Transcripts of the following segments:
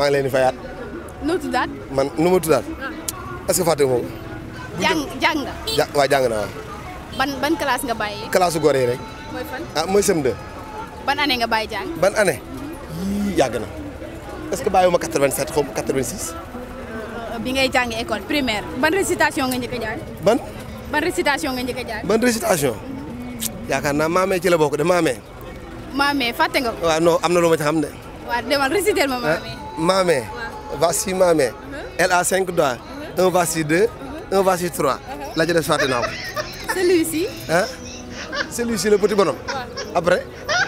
maa ngi leen di noo tuddaat. man nu ma tuddaat. Ah. est-ce que fàtte moom. jàng jàng nga. ja waaw jàng na waaw. ban ban classe nga bàyyi. classe su góor yi rek. mooy ah mooy sem 2. ban année nga bàyyi jàng. ban année. yii na. est-ce que bàyyiwuma 87 xaw ma 86. bi ngay jàng école primaire. ban récitation nga njëkk a jaar. ban. ban nga njëkk a jaar. ban récitation. yaakaar naa maamee ci la de maamee. maamee fàtte nga ko. waaw am na lu ma ci xam de. waaw demal réciter ma ah. maamee. ma main va sur a cinq doigts un va sur deux un va trois la ca des naa ko. celui-ci. ah celui-ci le petit bonhomme. après. ah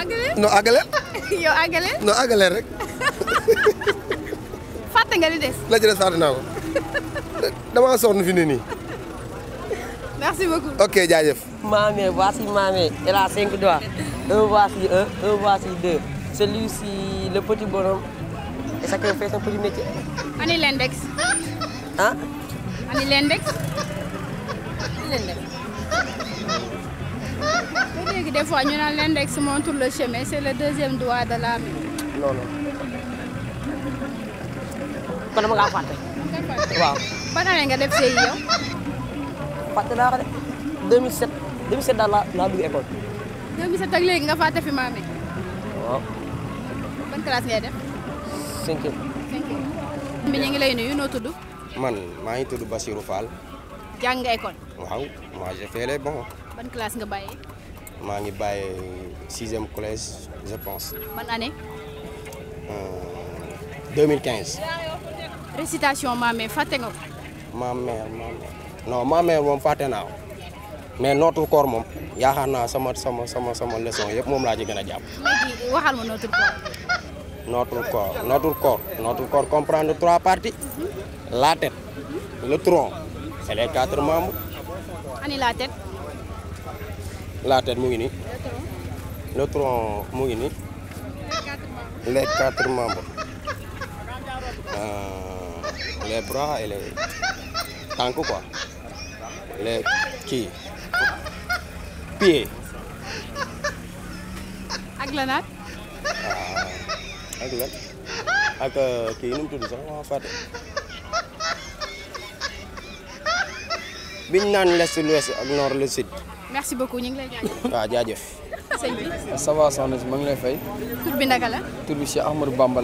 àggaleel. non àggaleel. rek. fàtte nga des. la ca des naa ko damaa sonn fi ne merci beaucoup. ok jaajëf. ma main va sur a cinq doigts un va un un va deux celui-ci le petit bonhomme. Et chacun fait son petit métier. On est l'index. Hein On est l'index. L'index. Des fois, nous avons l'index montre le chemin, c'est le deuxième doigt de la main. Non, non. kon dama kaa fàtte. waaw. nga def CI yow. fàtte naa ko de 2007 2007 la laa laa dugg école. 2007 ak léegi nga fàtte fi maame. waaw. ban classe ngay def. cinquième. tudd. man maa ngi tuddu Bassirou Fall. jàng nga école. waaw moi j'ai fait les ban classe nga bàyyee. maa ngi bàyyee sixième collège je pense. ban année. Euh, 2015. récitation ma mère fàtte nga ko. ma mère ma moom fàtte naa mais notre corps moom yaakaar naa sama sama sama sama leçon yëpp moom laa ci gën a jàpp. waxal ma notre corps. notre corps notre corps notre corps comprend de trois parties mhm. la tête le tronc et les quatre membre ani la tête. la tête mu ngi nii. le tronc mu ngi nii. les quatre membre Euh, les bras et les tànk quoi les kii pieds. ak la naat. Euh, ak lan kii nu mu tudd sax waaw fàtte biñ naan l'est l'ouest ak nord le sud. merci beaucoup ñu ngi lay jaajëf. waaw jaajëf. sëñ bi. ça si ma lay fay. tur bi naka la. tur bi Cheikh Ahmadou Bamba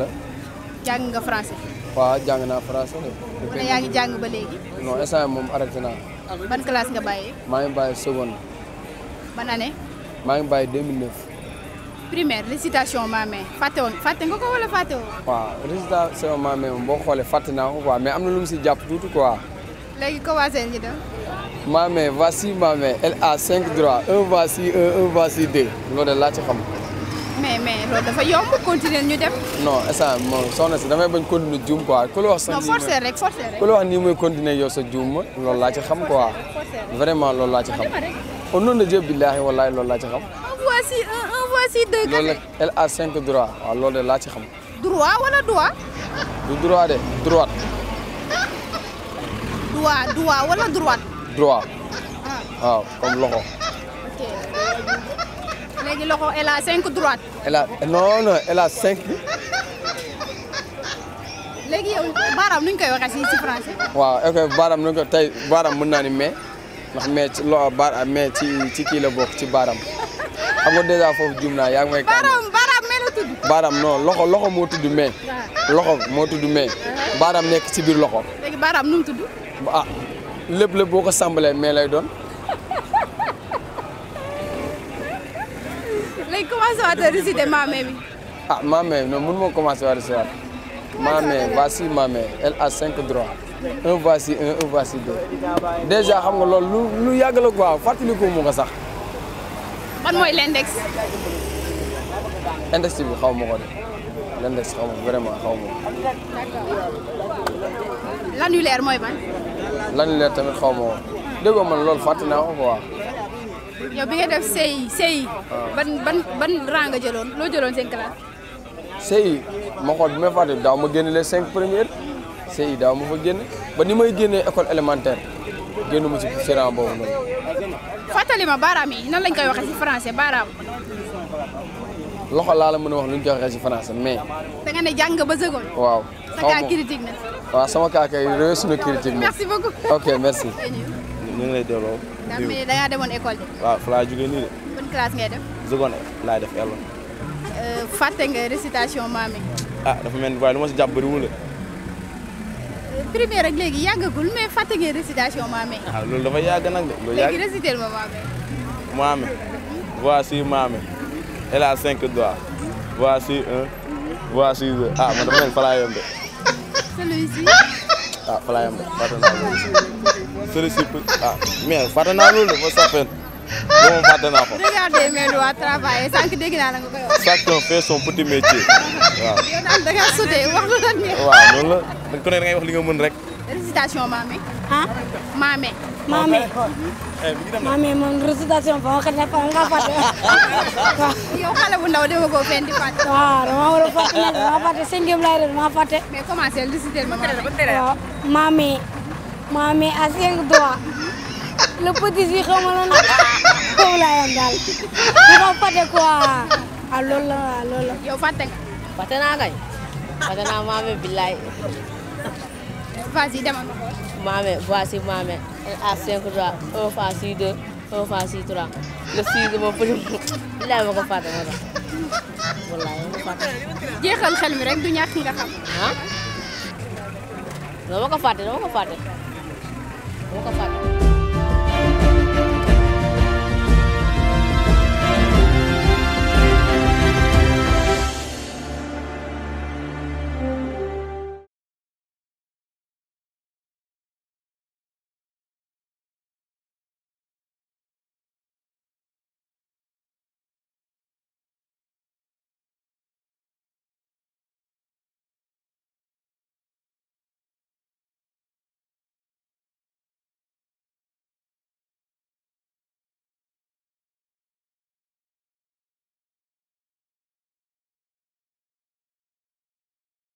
jàng nga français. waa jàng naa français de. mu yaa ngi jàng ba léegi. non instant moom arrêté ban classe nga bàyyee. maa ngi bàyyi seconde. ban année. maa ngi bàyyi 2009. primaire récitation maame fàtte woon fàtte nga ko wala récitation maame moom boo xoolee fàtte naa ko quoi am na lu si jàpp tuuti quoi. léegi commencé ñu dem. maame voici maame cinq droits un voici loolu de laa ci xam. mais mais loolu dafa yomb continuer ñu dem. non instant moom soxna si damay bañ continuer juum quoi ku la wax. non forcer rek forcer wax nii mooy continuer yow sa juum loolu laa ci xam quoi. vraiment loolu laa ci xam. au nom de Dieu billaahi wallaahi loolu laa ci xam. voici un un voici deux. loolu nag elle a cinq droits waaw loolu de laa ci xam. droit wala droit. droit de droit wala ah. droit waaw comme loxo. ok loxo elle cinq droites. elle non non elle cinq. léegi yow baaraam nu ñu koy si si français. waaw ok baaraam nu ñu koy tey baaraam mën ci loo baar ci ci bokk ci baaraam. xam nga dèjà foofu juum naa yaa ngi may. baaraam baaraam mee la tudd. baaraam non loxo loxo moo tudd mee. loxo moo tudd mee. Uh-huh. baaraam nekk ci biir loxo. léegi baaraam nu mu tudd. ah lépp lépp boo ko sàmbalee mee lay doon. léegi commencé waat a réciter maame bi. ah maame non mun moo commencé waat réciter waat. maame voici maame elle a cinq droits. un voici un un voici deux. dèjà xam nga loolu lu lu yàgg la quoi fàttaliku mu ko sax. ban mooy l'index. index bi xaw ma ko de l'index xaw ma vraiment xaw ma ko. d'accord mooy ban. l'annulaire tamit xaw ma ko déggoo man loolu fàtte naa ko quoi. yow bi nga def CI CI. Ah. ban rang nga jëloon loo jëloon seen classe. CI ma xool bi may fàtte daaw ma génne les cinq premières CI daaw ma fa génne ba ni may génnee école élémentaire. génn mu ci séran boobu noonu. fàttali ma baaraam yi nan lañ koy waxee ci français baaraam. loxo laa mën a wax lu ñu koy waxee ci français ne jàng ba sëgoon. waaw xaw ma sa cas critique na. waaw sama cas kay ok merci. ñu ngi lay delloo. ndax mais da école waaw fa laa jógee nii de. ban classe ngay def. seconde laay def L1. Euh, nga récitation maam yi. ah dafa mel ni waaye lu ma si jàpp bëriwul primaire ak léegi yàggagul mais fàtte ngeen récitation maame. ah loolu dafa yàgg nag de. loolu yàgg léegi réciter ma maame. maame. voici maame. elle a cinq doigts. voici un. voici deux ah man dafa mel fa laa yem de. celui-ci. ah fa laa yem de fàtte naa loolu. celui-ci ah mais fàtte naa loolu de fa safeen. moom fàtte naa ko. regarder mais du waa travail sànq dégg la nga koy wax. chacun fait son petit métier waaw. yow daal da ngaa sauté wax li nga rek. récitation maame. ah maame. maame. maame moom récitation ba nga ne fan nga fàtte. yow xale bu ndaw a fàtte nag dama le petit si xaw ma lan la xaw laa yam daal di ko fàtte quoi ah loolu la waaw loolu la. yow fàtte nga. fàtte naa kay fàtte naa maame billaay. vas-y demal ma xool. maame voici maame à 5 3 1 fois 6 2 1 fois 6 3 le 6 ma përi billaay ma ko fàtte ma ko wallaay ma ko fàtte. jeexal xel mi rek du ñàkk nga xam. ah dama ko fàtte dama ko fàtte dama ko fàtte.